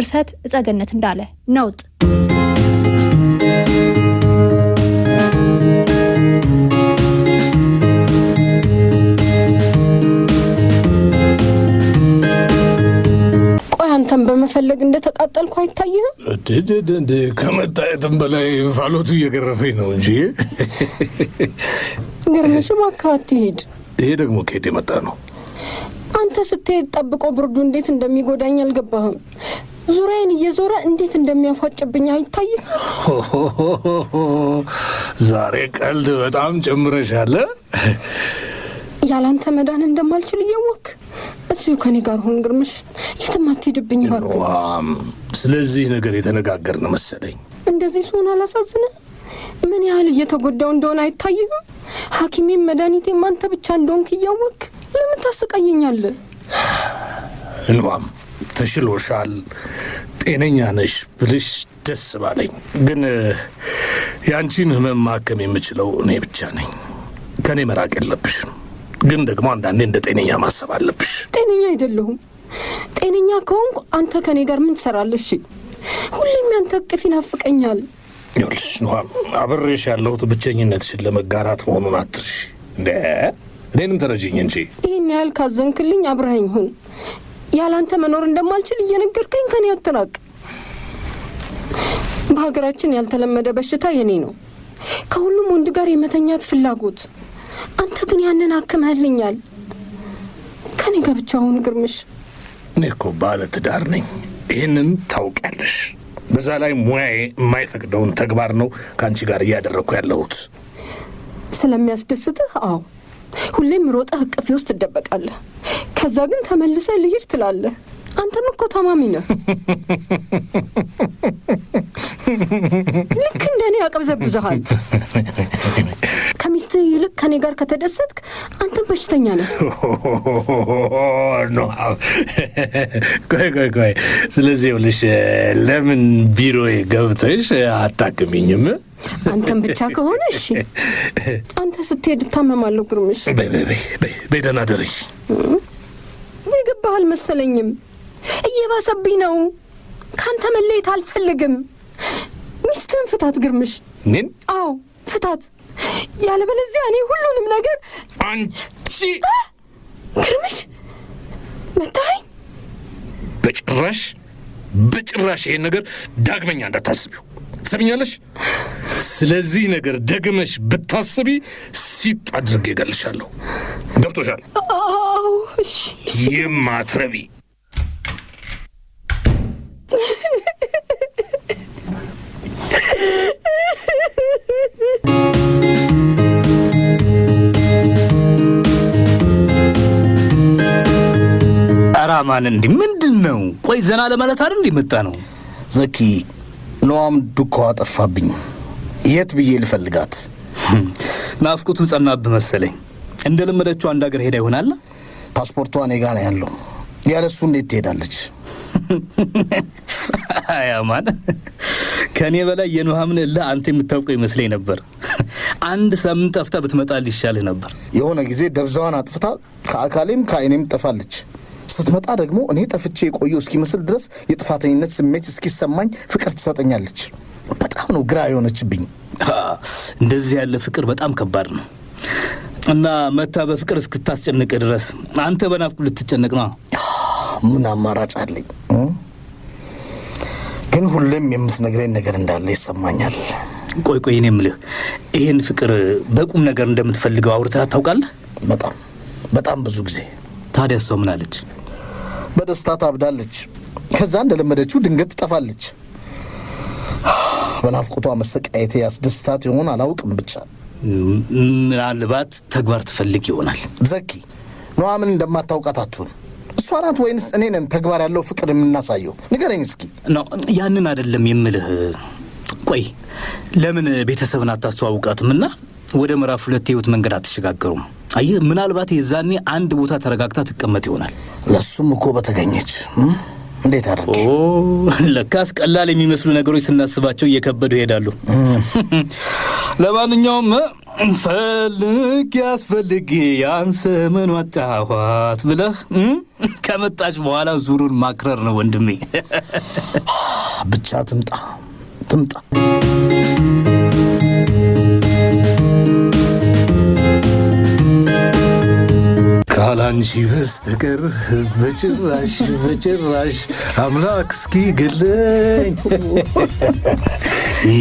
ድርሰት እጸገነት እንዳለ ነውጥ አንተን በመፈለግ እንደተቃጠልኩ አይታይህም? ከመታየትም በላይ ፋሎቱ እየገረፈኝ ነው እንጂ ግርምሽ፣ እባክህ አትሂድ። ይሄ ደግሞ ከየት የመጣ ነው? አንተ ስትሄድ ጠብቆ ብርዱ እንዴት እንደሚጎዳኝ አልገባህም። ዙሪያዬን እየዞረ እንዴት እንደሚያፏጭብኝ አይታይ። ዛሬ ቀልድ በጣም ጨምረሻለ። ያላንተ መዳን እንደማልችል እያወክ እዚሁ ከኔ ጋር ሆን። ግርምሽ የትም አትሄድብኝ ስለዚህ ነገር የተነጋገርን መሰለኝ። እንደዚህ ሲሆን አላሳዝንም? ምን ያህል እየተጎዳው እንደሆነ አይታይም? ሐኪሜም መድኃኒቴም አንተ ብቻ እንደሆንክ እያወክ ለምን ታስቃየኛለህ? እንዋም ተሽሎሻል፣ ጤነኛ ነሽ ብልሽ ደስ ባለኝ። ግን የአንቺን ህመም ማከም የምችለው እኔ ብቻ ነኝ። ከእኔ መራቅ የለብሽም። ግን ደግሞ አንዳንዴ እንደ ጤነኛ ማሰብ አለብሽ። ጤነኛ አይደለሁም። ጤነኛ ከሆንኩ አንተ ከእኔ ጋር ምን ትሰራለሽ? ሁሌም ያንተ እቅፍ ይናፍቀኛል። ይኸውልሽ ኑሃም፣ አብሬሽ ያለሁት ብቸኝነትሽን ለመጋራት መሆኑን አትርሽ። እኔንም ተረጅኝ እንጂ ይህን ያህል ካዘንክልኝ አብረኸኝ ሁን። ያላንተ መኖር እንደማልችል እየነገርከኝ ከኔ አትራቅ። በሀገራችን ያልተለመደ በሽታ የኔ ነው፣ ከሁሉም ወንድ ጋር የመተኛት ፍላጎት። አንተ ግን ያንን አክመህልኛል። ከኔ ጋር ብቻ አሁን ግርምሽ፣ እኔ እኮ ባለ ትዳር ነኝ፣ ይህንን ታውቂያለሽ። በዛ ላይ ሙያዬ የማይፈቅደውን ተግባር ነው ከአንቺ ጋር እያደረግኩ ያለሁት። ስለሚያስደስትህ አዎ ሁሌም ሮጠህ እቅፌ ውስጥ ትደበቃለህ። ከዛ ግን ተመልሰህ ልሂድ ትላለህ። አንተም እኮ ታማሚ ነህ። ልክ እንደኔ እኔ ከሚስት ይልቅ ከኔ ጋር ከተደሰትክ አንተም በሽተኛ ነህ። ቆይ ቆይ ቆይ፣ ስለዚህ ይኸውልሽ፣ ለምን ቢሮዬ ገብተሽ አታክሚኝም? አንተም ብቻ ከሆነ እሺ። አንተ ስትሄድ እታመማለሁ። ግርምሽ፣ በይ ደህና ደሪ። የገባህ አልመሰለኝም። እየባሰብኝ ነው። ከአንተ መለየት አልፈልግም። ሚስትህን ፍታት ግርምሽ። ምን? አዎ ፍታት። ያለበለዚያ እኔ ሁሉንም ነገር አንቺ ግርምሽ መታኝ። በጭራሽ በጭራሽ ይሄን ነገር ዳግመኛ እንዳታስቢው ትሰምኛለሽ። ስለዚህ ነገር ደግመሽ ብታስቢ ሲጥ አድርጌ እገልሻለሁ። ገብቶሻል? ይህም አትረቢ አራማን እንዲህ ምንድን ነው? ቆይ ዘና ለማለት አይደል መጣ ነው። ዘኪ ነዋም ዱካ አጠፋብኝ። የት ብዬ ልፈልጋት? ናፍቁቱ ጸናብህ መሰለኝ። እንደ ለመደችው አንድ ሀገር ሄዳ ይሆናል። ፓስፖርቷ እኔ ጋ ነው ያለው። ያለሱ እንዴት ትሄዳለች? ያማን ከእኔ በላይ የኑሃምን እልህ አንተ የምታውቀው ይመስለኝ ነበር። አንድ ሳምንት ጠፍታ ብትመጣል ይሻልህ ነበር። የሆነ ጊዜ ደብዛዋን አጥፍታ ከአካሌም ከአይኔም ጠፋለች። ስትመጣ ደግሞ እኔ ጠፍቼ የቆየው እስኪመስል ድረስ የጥፋተኝነት ስሜት እስኪሰማኝ ፍቅር ትሰጠኛለች። በጣም ነው ግራ የሆነችብኝ። እንደዚህ ያለ ፍቅር በጣም ከባድ ነው እና መታ በፍቅር እስክታስጨንቅ ድረስ አንተ በናፍቁ ልትጨነቅ ነው። ምን አማራጭ አለኝ? ግን ሁሌም የምትነግረኝ ነገር እንዳለ ይሰማኛል። ቆይ ቆይ፣ እኔ የምልህ ይህን ፍቅር በቁም ነገር እንደምትፈልገው አውርታ ታውቃለህ? በጣም በጣም ብዙ ጊዜ። ታዲያ እሷ ምን አለች? በደስታ ታብዳለች። ከዛ እንደለመደችው ድንገት ትጠፋለች። በናፍቆቷ መሰቃየቴ ያስደስታት ይሆን አላውቅም። ብቻ ምናልባት ተግባር ትፈልግ ይሆናል። ዘኪ ኑሐሚን እንደማታውቃት አትሆን። እሷ ናት ወይንስ እኔ ነን ተግባር ያለው ፍቅር የምናሳየው? ንገረኝ እስኪ። ያንን አይደለም የምልህ። ቆይ ለምን ቤተሰብን አታስተዋውቃትም እና ወደ ምዕራፍ ሁለት የህይወት መንገድ አትሸጋገሩም? አየህ፣ ምናልባት የዛኔ አንድ ቦታ ተረጋግታ ትቀመጥ ይሆናል። ለሱም እኮ በተገኘች እንዴት አድርጌ ለካስ ቀላል የሚመስሉ ነገሮች ስናስባቸው እየከበዱ ይሄዳሉ። ለማንኛውም ፈልግ ያስፈልግ ያን ምን ወጣኋት ብለህ ከመጣች በኋላ ዙሩን ማክረር ነው ወንድሜ። ብቻ ትምጣ ትምጣ ካላንቺ በስተቀር በጭራሽ በጭራሽ አምላክ እስኪ ግለኝ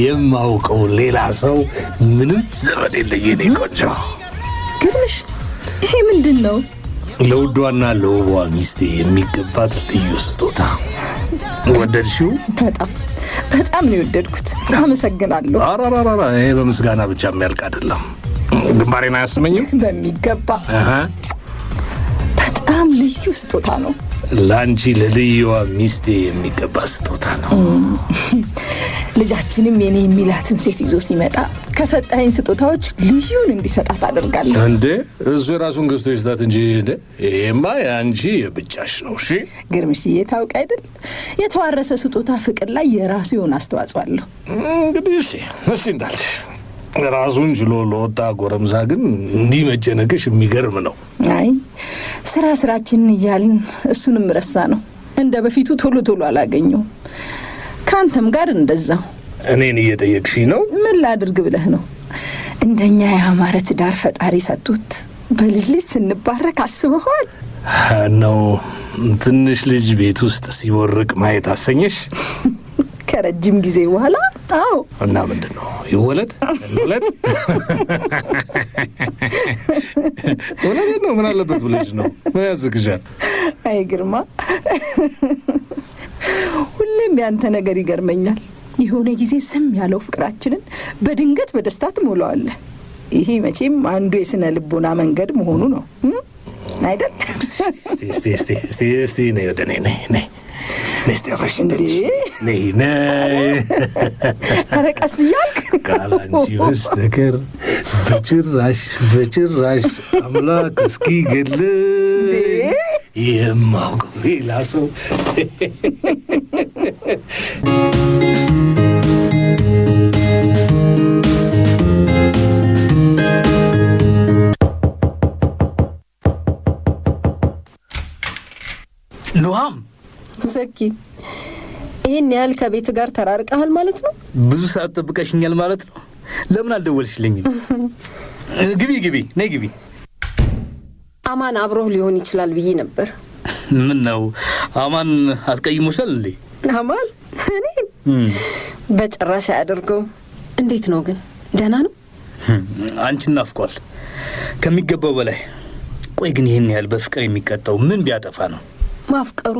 የማውቀው ሌላ ሰው ምንም ዘመድ የለኝ። እኔ ቆንጆ ግርምሽ፣ ይሄ ምንድን ነው? ለውዷና ለውቧ ሚስቴ የሚገባት ልዩ ስጦታ። ወደድሽው? በጣም በጣም ነው የወደድኩት። አመሰግናለሁ። አራራራራ ይሄ በምስጋና ብቻ የሚያልቅ አይደለም። ግንባሬን አያስመኝም በሚገባ በጣም ልዩ ስጦታ ነው። ለአንቺ ለልዩዋ ሚስቴ የሚገባ ስጦታ ነው። ልጃችንም የኔ የሚላትን ሴት ይዞ ሲመጣ ከሰጠኝ ስጦታዎች ልዩን እንዲሰጣት አደርጋለሁ። እንዴ እሱ የራሱን ገዝቶ ይስጣት እንጂ ይሄማ የአንቺ የብቻሽ ነው። እሺ ግርምሽዬ፣ ታውቅ አይደል የተዋረሰ ስጦታ ፍቅር ላይ የራሱ የሆነ አስተዋጽኦ አለሁ። እንግዲህ እሺ፣ እሺ እንዳልሽ ራሱን ችሎ ለወጣ ጎረምሳ ግን እንዲህ መጨነቅሽ የሚገርም ነው። አይ ስራ ስራችንን እያልን እሱንም ረሳ ነው። እንደ በፊቱ ቶሎ ቶሎ አላገኘውም። ከአንተም ጋር እንደዛው። እኔን እየጠየቅሽ ነው? ምን ላድርግ ብለህ ነው? እንደኛ የአማረ ትዳር ፈጣሪ ሰጡት። በልጅ ልጅ ስንባረክ አስበኋል ነው። ትንሽ ልጅ ቤት ውስጥ ሲቦርቅ ማየት አሰኘሽ? ከረጅም ጊዜ በኋላ አዎ። እና ምንድን ነው ይወለድ ወለድ እውነት ነው። ምን አለበት ብለሽ ነው? ምን ያዝግሻል? አይ ግርማ፣ ሁሌም ያንተ ነገር ይገርመኛል። የሆነ ጊዜ ስም ያለው ፍቅራችንን በድንገት በደስታ ትሞላዋለህ። ይሄ መቼም አንዱ የስነ ልቦና መንገድ መሆኑ ነው አይደል? እስቲ እስቲ እስቲ እስቲ ነይ ወደ እኔ ነይ ነይ ነስቲ አፍረሽ እንደልሽ ነይ ነይ፣ ኧረ ቀስ እያልክ ካላንቺ በስተቀር በጭራሽ በጭራሽ። አምላክ እስኪ ገል የማውቀው ሌላ ሰው ዘኪ ይህን ያህል ከቤት ጋር ተራርቀሃል ማለት ነው? ብዙ ሰዓት ጠብቀሽኛል ማለት ነው። ለምን አልደወልሽልኝም? ግቢ ግቢ፣ ነይ ግቢ። አማን አብሮህ ሊሆን ይችላል ብዬ ነበር። ምን ነው አማን አስቀይሞሻል እንዴ? አማን እኔ በጭራሽ አያደርገው። እንዴት ነው ግን ደህና ነው? አንቺን ናፍቋል ከሚገባው በላይ። ቆይ ግን ይህን ያህል በፍቅር የሚቀጣው ምን ቢያጠፋ ነው? ማፍቀሩ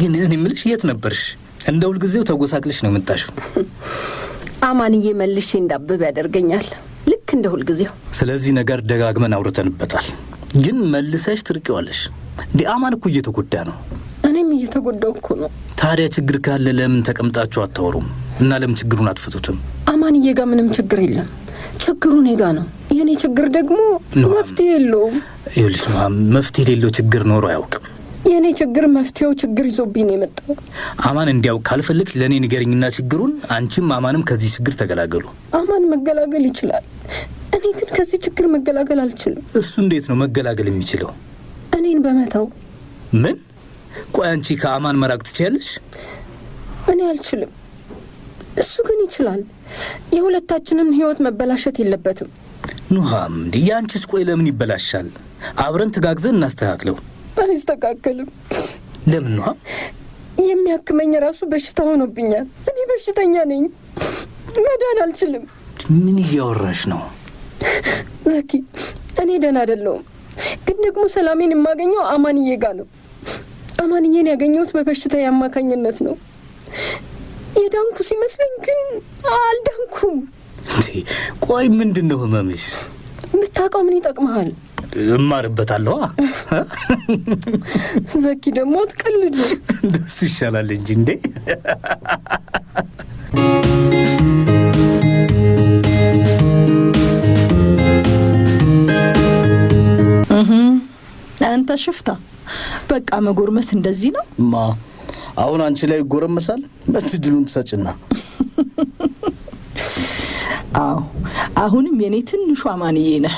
ግን እኔ የምልሽ የት ነበርሽ? እንደ ሁልጊዜው ተጎሳቅልሽ ነው የምታሹ። አማንዬ መልሼ እንዳብብ ያደርገኛል፣ ልክ እንደ ሁልጊዜው። ስለዚህ ነገር ደጋግመን አውርተንበታል፣ ግን መልሰሽ ትርቂዋለሽ። እንዲ አማን እኮ እየተጎዳ ነው፣ እኔም እየተጎዳው እኮ ነው። ታዲያ ችግር ካለ ለምን ተቀምጣችሁ አታወሩም? እና ለምን ችግሩን አትፈቱትም? አማንዬ ጋ ምንም ችግር የለም፣ ችግሩ እኔ ጋ ነው። የእኔ ችግር ደግሞ መፍትሄ የለውም። ይኸውልሽ መፍትሄ የሌለው ችግር ኖሮ አያውቅም። የእኔ ችግር መፍትሄው ችግር ይዞብኝ የመጣው። አማን እንዲያውቅ ካልፈልግ ለእኔ ንገርኝና ችግሩን አንቺም አማንም ከዚህ ችግር ተገላገሉ። አማን መገላገል ይችላል፣ እኔ ግን ከዚህ ችግር መገላገል አልችልም። እሱ እንዴት ነው መገላገል የሚችለው? እኔን በመተው። ምን? ቆይ አንቺ ከአማን መራቅ ትችያለሽ? እኔ አልችልም፣ እሱ ግን ይችላል። የሁለታችንም ህይወት መበላሸት የለበትም። ኑሃም እንዲህ የአንቺስ ቆይ ለምን ይበላሻል? አብረን ተጋግዘን እናስተካክለው። አይስተካከልም። ለምን ነው የሚያክመኝ? ራሱ በሽታ ሆኖብኛል። እኔ በሽተኛ ነኝ፣ መዳን አልችልም። ምን እያወራሽ ነው ዘኪ? እኔ ደህና አይደለሁም፣ ግን ደግሞ ሰላሜን የማገኘው አማንዬ ጋ ነው። አማንዬን ያገኘሁት በበሽታ አማካኝነት ነው። የዳንኩ ሲመስለኝ ግን አልዳንኩም። ቆይ ምንድን ነው ህመምሽ? ብታውቀው ምን ይጠቅመሃል? እማርበታለሁ። ዘኪ ደግሞ አትቀልድ፣ እንደሱ ይሻላል እንጂ እንዴ። አንተ ሽፍታ፣ በቃ መጎርመስ እንደዚህ ነው ማ አሁን አንቺ ላይ ይጎረመሳል። በትድሉን ትሰጭና አዎ አሁንም የኔ ትንሿ ማንዬ ነህ።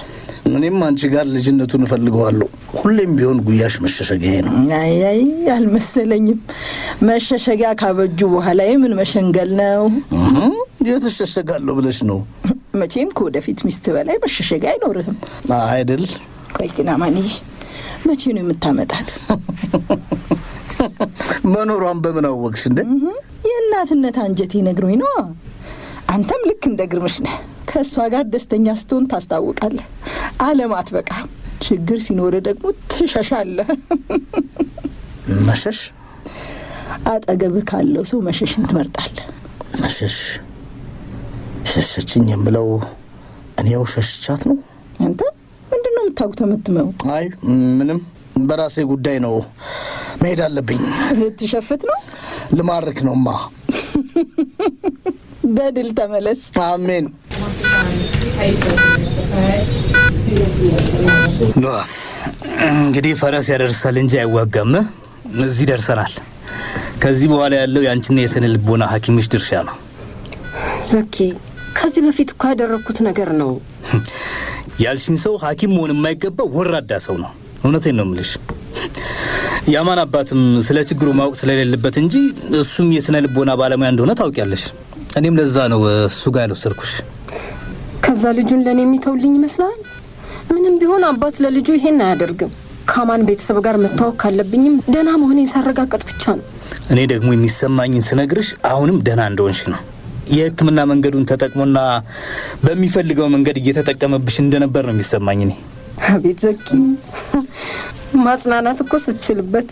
እኔም አንቺ ጋር ልጅነቱን እፈልገዋለሁ። ሁሌም ቢሆን ጉያሽ መሸሸጊያ ነው። አይ አልመሰለኝም። መሸሸጊያ ካበጁ በኋላ የምን መሸንገል ነው? የት እሸሸጋለሁ ብለሽ ነው? መቼም ከወደፊት ሚስት በላይ መሸሸጊያ አይኖርህም አይደል? ቆይ ግን አማንዬ መቼ ነው የምታመጣት? መኖሯን በምን አወቅሽ እንደ የእናትነት አንጀቴ ነግሮኝ ነዋ። አንተም ልክ እንደ ግርምሽ ነህ። ከእሷ ጋር ደስተኛ ስትሆን ታስታውቃለህ። አለማት በቃ ችግር ሲኖር ደግሞ ትሸሻለህ። መሸሽ አጠገብህ ካለው ሰው መሸሽን ትመርጣለህ። መሸሽ ሸሸችኝ የምለው እኔው ሸሽቻት ነው። አንተ ምንድን ነው የምታጉተ የምትመው? አይ ምንም፣ በራሴ ጉዳይ ነው። መሄድ አለብኝ። ልትሸፍት ነው? ልማርክ ነውማ። በድል ተመለስ። አሜን። እንግዲህ ፈረስ ያደርሳል እንጂ አይዋጋም። እዚህ ደርሰናል። ከዚህ በኋላ ያለው የአንቺና የስነ ልቦና ሐኪሞች ድርሻ ነው። ዘኪ ከዚህ በፊት እኮ ያደረግኩት ነገር ነው ያልሽኝ ሰው ሐኪም መሆን የማይገባው ወራዳ ሰው ነው። እውነቴን ነው የምልሽ። የአማን አባትም ስለ ችግሩ ማወቅ ስለሌለበት እንጂ እሱም የስነ ልቦና ባለሙያ እንደሆነ ታውቂያለሽ። እኔም ለዛ ነው እሱ ጋር ያልወሰድኩሽ። ከዛ ልጁን ለእኔ የሚተውልኝ ይመስላል። ምንም ቢሆን አባት ለልጁ ይሄን አያደርግም። ከአማን ቤተሰብ ጋር መታወቅ ካለብኝም ደህና መሆኔን ሳረጋገጥ ብቻ ነው። እኔ ደግሞ የሚሰማኝን ስነግርሽ አሁንም ደህና እንደሆንሽ ነው። የሕክምና መንገዱን ተጠቅሞና በሚፈልገው መንገድ እየተጠቀመብሽ እንደነበር ነው የሚሰማኝ። እኔ አቤት ዘኪ፣ ማጽናናት እኮ ስትችልበት።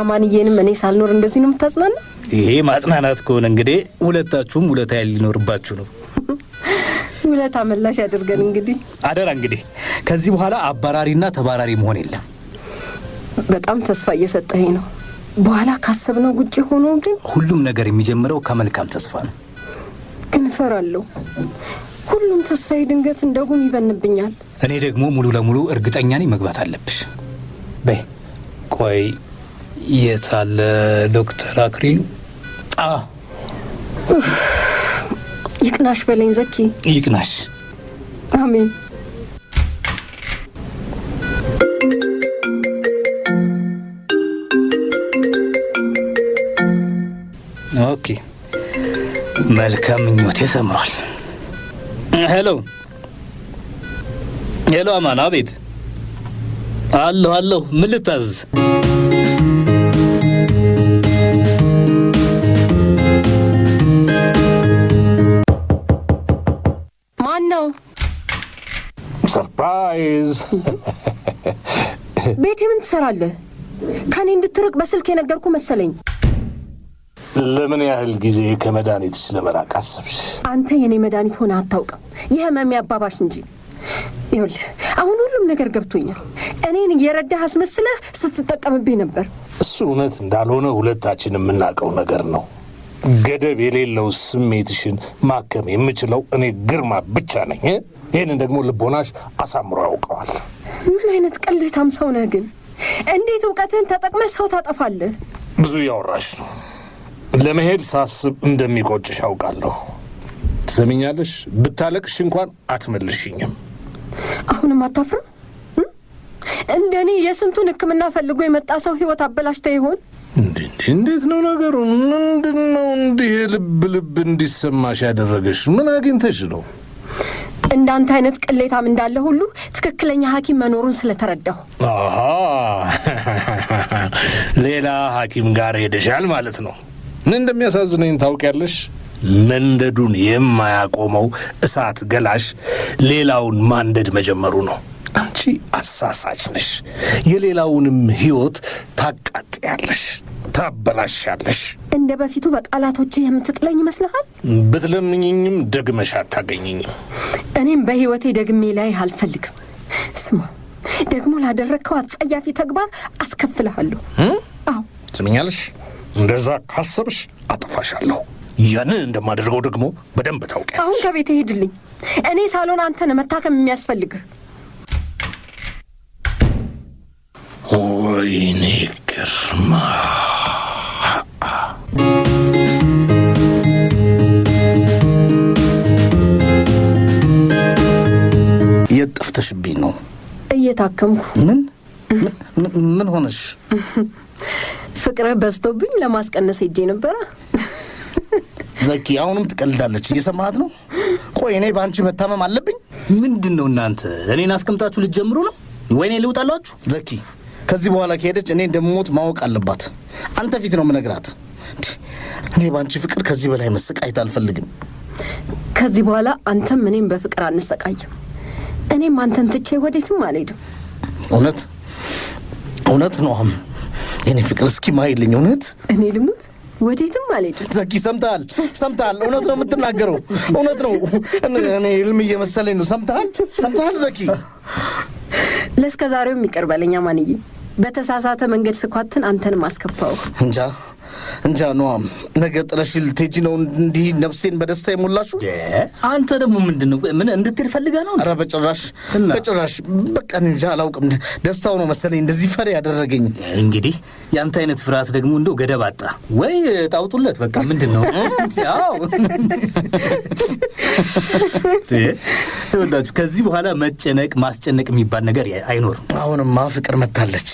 አማንዬንም እኔ ሳልኖር እንደዚህ ነው የምታጽናና ይሄ ማጽናናት ከሆነ እንግዲህ ሁለታችሁም ውለታ ሊኖርባችሁ ነው። ውለታ መላሽ ያደርገን እንግዲህ አደራ። እንግዲህ ከዚህ በኋላ አባራሪና ተባራሪ መሆን የለም። በጣም ተስፋ እየሰጠኸኝ ነው። በኋላ ካሰብነው ውጭ ሆኖ ግን ሁሉም ነገር የሚጀምረው ከመልካም ተስፋ ነው። ግን እፈራለሁ። ሁሉም ተስፋዬ ድንገት እንደ ጉም ይበንብኛል። እኔ ደግሞ ሙሉ ለሙሉ እርግጠኛ ነኝ መግባት አለብሽ። በይ ቆይ የታለ ዶክተር አክሪሉ? ይቅናሽ በለኝ ዘኪ። ይቅናሽ። አሜን። ኦኬ፣ መልካም ምኞቴ ሰምሯል። ሄሎ ሄሎ፣ አማን። አቤት። አለሁ አለሁ። ምን ልታዝዝ? ቤቴ ምን ትሰራለህ? ከኔ እንድትርቅ በስልክ የነገርኩ መሰለኝ። ለምን ያህል ጊዜ ከመድኃኒትሽ ለመራቅ አሰብሽ? አንተ የኔ መድኃኒት ሆነ አታውቅም፣ የህመሜ አባባሽ እንጂ። ይኸውልህ አሁን ሁሉም ነገር ገብቶኛል። እኔን እየረዳህ አስመስለህ ስትጠቀምብኝ ነበር። እሱ እውነት እንዳልሆነ ሁለታችን የምናውቀው ነገር ነው። ገደብ የሌለው ስሜትሽን ማከም የምችለው እኔ ግርማ ብቻ ነኝ። ይህንን ደግሞ ልቦናሽ አሳምሮ ያውቀዋል። ምን አይነት ቅሌታም ሰው ነህ ግን! እንዴት እውቀትህን ተጠቅመህ ሰው ታጠፋለህ? ብዙ እያወራሽ ነው። ለመሄድ ሳስብ እንደሚቆጭሽ አውቃለሁ። ትሰሚኛለሽ? ብታለቅሽ እንኳን አትመልሽኝም። አሁንም አታፍርም? እንደ እኔ የስንቱን ሕክምና ፈልጎ የመጣ ሰው ህይወት አበላሽተ ይሆን? እንዴት ነው ነገሩ? ምንድን ነው እንዲህ ልብ ልብ እንዲሰማሽ ያደረገሽ? ምን አግኝተሽ ነው? እንዳንተ አይነት ቅሌታም እንዳለ ሁሉ ትክክለኛ ሐኪም መኖሩን ስለተረዳሁ ሌላ ሐኪም ጋር ሄደሻል ማለት ነው። ምን እንደሚያሳዝነኝ ታውቂያለሽ? መንደዱን የማያቆመው እሳት ገላሽ ሌላውን ማንደድ መጀመሩ ነው። አንቺ አሳሳች ነሽ፣ የሌላውንም ሕይወት ታቃጥያለሽ፣ ታበላሻለሽ። እንደ በፊቱ በቃላቶች የምትጥለኝ ይመስልሃል? ብትለምኝኝም ደግመሽ አታገኝኝም። እኔም በሕይወቴ ደግሜ ላይ አልፈልግም። ስማ ደግሞ ላደረግከው አጸያፊ ተግባር አስከፍልሃለሁ። አዎ ስምኛለሽ፣ እንደዛ ካሰብሽ አጠፋሻለሁ። ያንን እንደማደርገው ደግሞ በደንብ ታውቂያለሽ። አሁን ከቤት ሄድልኝ። እኔ ሳሎን አንተን መታከም የሚያስፈልግህ Ой, кошмар. የት ነው? እየታከምኩ። ምን ምን ሆነሽ? ፍቅረ በዝቶብኝ ለማስቀነስ ሄጄ ነበረ። ዘኪ አሁንም ትቀልዳለች። እየሰማሃት ነው? ቆይ እኔ በአንቺ መታመም አለብኝ? ምንድን ነው እናንተ እኔን አስቀምጣችሁ ልትጀምሩ ነው? ወይኔ ልውጣላችሁ። ዘኪ ከዚህ በኋላ ከሄደች እኔ እንደምሞት ማወቅ አለባት። አንተ ፊት ነው ምነግራት። እኔ በአንቺ ፍቅር ከዚህ በላይ መሰቃየት አልፈልግም። ከዚህ በኋላ አንተም እኔም በፍቅር አንሰቃይም። እኔም አንተን ትቼ ወዴትም አልሄድም። እውነት እውነት ነው የኔ ፍቅር። እስኪ ማይልኝ እውነት እኔ ልሙት ወዴትም አልሄድም። ዘኪ ሰምተሃል? ሰምተሃል? እውነት ነው የምትናገረው። እውነት ነው። እኔ ህልም እየመሰለኝ ነው። ሰምተሃል? ሰምተሃል ዘኪ ለእስከ ዛሬው ይቅር ማንዬ። በተሳሳተ መንገድ ስኳትን አንተን ማስከፋው እንጃ እንጃ ኗ ነገ ጥለሽ ልትሄጂ ነው? እንዲህ ነፍሴን በደስታ የሞላሽው። አንተ ደግሞ ምንድን ነው? ምን እንድትሄድ ፈልጋ ነው? ኧረ በጭራሽ በጭራሽ። በቃ እንጃ አላውቅም። ደስታው ነው መሰለኝ እንደዚህ ፈሪ ያደረገኝ። እንግዲህ የአንተ አይነት ፍርሃት ደግሞ እንደው ገደብ አጣ ወይ ጣውጡለት። በቃ ምንድን ነው ተወላችሁ። ከዚህ በኋላ መጨነቅ ማስጨነቅ የሚባል ነገር አይኖርም። አሁንማ ፍቅር መታለች።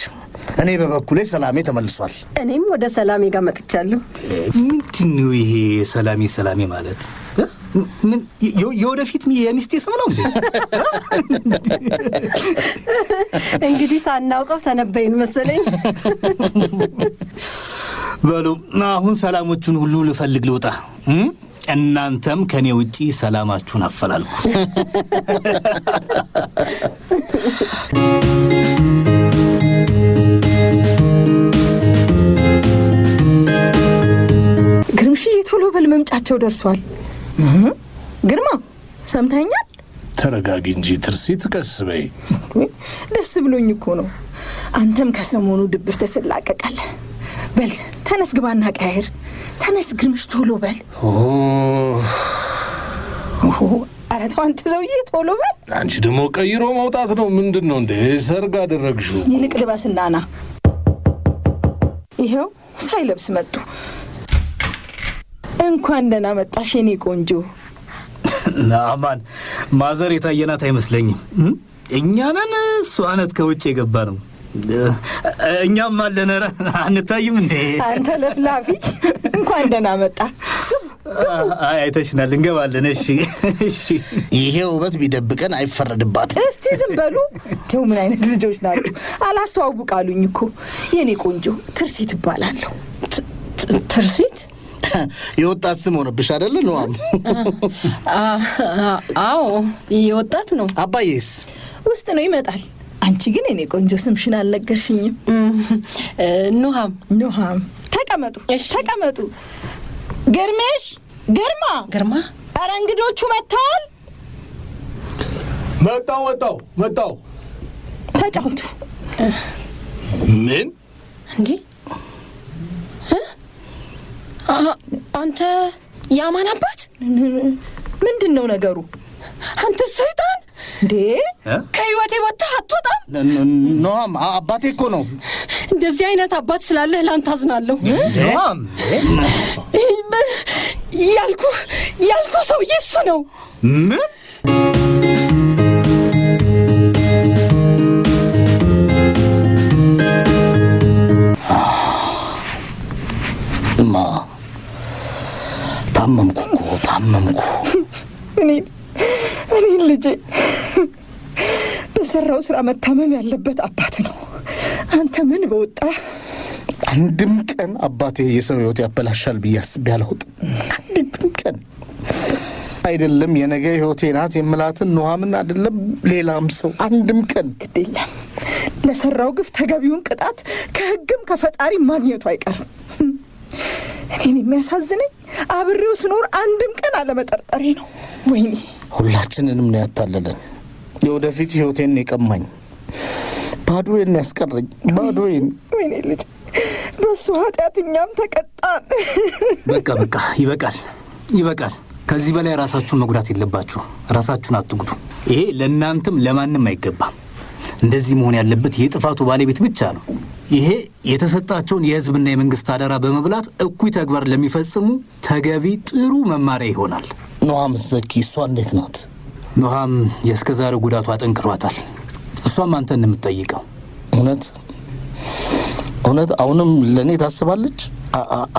እኔ በበኩሌ ሰላሜ ተመልሷል። እኔም ወደ ሰላሜ ጋር መጥቻለሁ። ምንድነው ይሄ ሰላሜ ሰላሜ ማለት? የወደፊት የሚስቴ ስም ነው። እንግዲህ ሳናውቀው ተነበይን መሰለኝ። በሉ አሁን ሰላሞቹን ሁሉ ልፈልግ ልውጣ። እናንተም ከእኔ ውጪ ሰላማችሁን አፈላልኩ። ቶሎ በል መምጫቸው ደርሷል። ግርማ ሰምተኛል። ተረጋጊ እንጂ ትርሲት፣ ቀስ በይ። ደስ ብሎኝ እኮ ነው። አንተም ከሰሞኑ ድብር ትላቀቃለህ። በል ተነስ፣ ግባና ቀያየር። ተነስ ግርምሽ፣ ቶሎ በል። ኧረ ተው አንተ ሰውዬ፣ ቶሎ በል። አንቺ ደግሞ ቀይሮ መውጣት ነው ምንድን ነው እንደ ሰርግ አደረግሽው። ይልቅ ልበስና ና። ይኸው ሳይለብስ መጡ። እንኳን ደህና መጣሽ የኔ ቆንጆ። ናማን ማዘር የታየናት አይመስለኝም። እኛንን እሱ አነት ከውጭ የገባ ነው። እኛም አለን። ኧረ አንታይም እንዴ አንተ ለፍላፊ፣ እንኳን ደህና መጣ። አይተሽናል፣ እንገባለን። እሺ እሺ። ይሄ ውበት ቢደብቀን አይፈረድባት። እስቲ ዝም በሉ። ተው፣ ምን አይነት ልጆች ናችሁ? አላስተዋውቃሉኝ እኮ። የኔ ቆንጆ ትርሲት እባላለሁ። ትርሲት የወጣት ስም ሆነብሽ አደለ? ነዋም አዎ፣ የወጣት ነው። አባዬስ ውስጥ ነው ይመጣል። አንቺ ግን እኔ ቆንጆ ስምሽን አልነገርሽኝም። ኑሃም ኑሃም። ተቀመጡ ተቀመጡ። ገርሜሽ ግርማ ግርማ። ኧረ እንግዶቹ መጥተዋል። መጣው መጣው መጣው። ተጫውቱ። ምን እንዴ አንተ የአማን አባት ምንድን ነው ነገሩ? አንተ ሰይጣን እንዴ! ከህይወቴ ወጥተህ አትወጣም። ኖም አባቴ እኮ ነው። እንደዚህ አይነት አባት ስላለህ ላንተ አዝናለሁ። ያልኩ ያልኩ ሰውዬ እሱ ነው። ምን ታመምኩ። እኔን ልጄ በሰራው ስራ መታመም ያለበት አባት ነው። አንተ ምን በወጣ አንድም ቀን አባቴ የሰው ህይወት ያበላሻል ብዬ አስቤ አላውቅም። አንድም ቀን አይደለም የነገ ህይወቴ ናት የምላትን ኑሐሚን አይደለም ሌላም ሰው አንድም ቀን ግድ የለም ለሰራው ግፍ ተገቢውን ቅጣት ከህግም ከፈጣሪ ማግኘቱ አይቀርም። እኔን የሚያሳዝነኝ አብሬው ስኖር አንድም ቀን አለመጠርጠሬ ነው። ወይኔ ሁላችንንም ነው ያታለለን። የወደፊት ህይወቴን የቀማኝ ባዶዬን ያስቀረኝ ባዶዬን። ወይኔ ልጅ በሱ ኃጢአት እኛም ተቀጣን። በቃ በቃ ይበቃል፣ ይበቃል። ከዚህ በላይ ራሳችሁን መጉዳት የለባችሁ። ራሳችሁን አትጉዱ። ይሄ ለእናንተም ለማንም አይገባም። እንደዚህ መሆን ያለበት የጥፋቱ ባለቤት ብቻ ነው። ይሄ የተሰጣቸውን የህዝብና የመንግስት አደራ በመብላት እኩይ ተግባር ለሚፈጽሙ ተገቢ ጥሩ መማሪያ ይሆናል። ኖሃም ዘኪ፣ እሷ እንዴት ናት? ኖሃም የእስከዛሬው ጉዳቷ አጠንክሯታል። እሷም አንተ እንደምትጠይቀው እውነት እውነት አሁንም ለእኔ ታስባለች።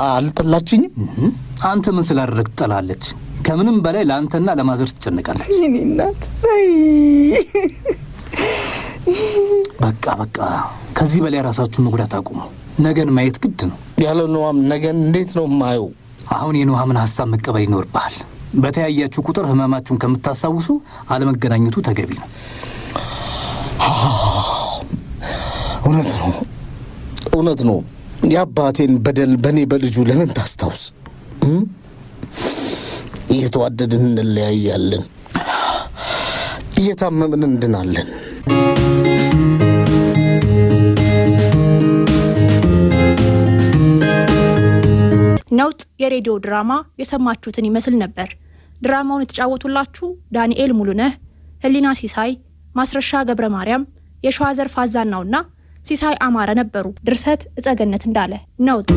አልጠላችኝም። አንተ ምን ስላደረግ ትጠላለች? ከምንም በላይ ለአንተና ለማዘር ትጨንቃለች። ይኔ እናት በቃ በቃ፣ ከዚህ በላይ ራሳችሁን መጉዳት አቁሙ። ነገን ማየት ግድ ነው ያለ ኖሃም። ነገን እንዴት ነው ማየው? አሁን የኖሃምን ሀሳብ መቀበል ይኖርብሃል። በተያያችሁ ቁጥር ህመማችሁን ከምታስታውሱ አለመገናኘቱ ተገቢ ነው። እውነት ነው፣ እውነት ነው። የአባቴን በደል በእኔ በልጁ ለምን ታስታውስ? እየተዋደድን እንለያያለን፣ እየታመምን እንድናለን። ነውጥ የሬዲዮ ድራማ የሰማችሁትን ይመስል ነበር። ድራማውን የተጫወቱላችሁ ዳንኤል ሙሉነህ፣ ህሊና ሲሳይ፣ ማስረሻ ገብረ ማርያም፣ የሸዋዘር ፋዛናውና ሲሳይ አማረ ነበሩ። ድርሰት እጸገነት እንዳለ ነውጥ